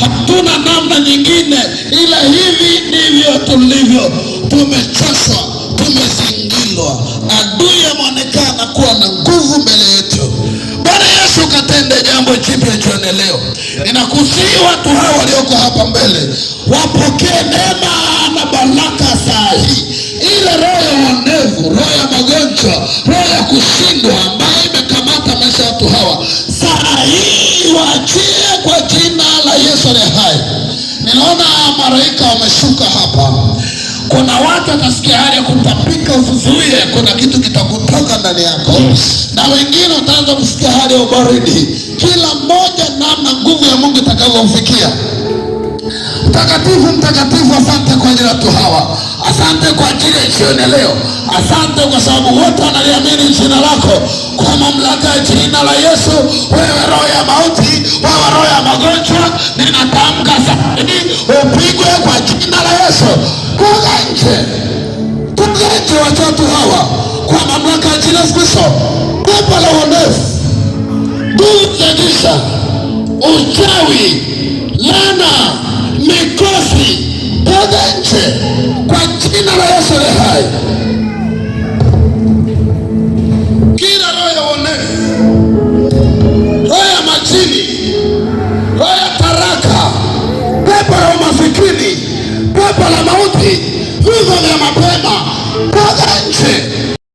Hatuna namna nyingine ila hivi ndivyo tulivyo, Tumechoshwa, tumezingilwa Adui ameonekana kuwa na nguvu mbele yetu. Bwana Yesu katende jambo jipya jioni leo. Ninakusihi watu hawa walioko hapa mbele wapokee neema na baraka saa hii, ile roho ya uonevu, roho ya magonjwa, roho ya kushindwa ambayo imekamata maisha ya watu hawa saa hii waachie kwa Ninaona malaika wameshuka hapa. Kuna watu watasikia hali ya kutapika, uzuie, kuna kitu kitakutoka ndani yako, na wengine wataanza kusikia hali ya ubaridi. Kila mmoja namna nguvu ya Mungu itakavyomfikia. Mtakatifu, mtakatifu, asante kwa ajili ya watu hawa, asante kwa ajili ya jioni leo, asante kwa sababu wote wanaliamini jina lako, kwa mamlaka ya jina la Yesu wewe upigwe kwa jina la Yesu. Kuja nje, toka nje watoto hawa kwa mamlaka ya jina la Yesu. Pepo la uonevu, nguvu za giza, uchawi, laana, mikosi, kuja nje kwa jina la Yesu hai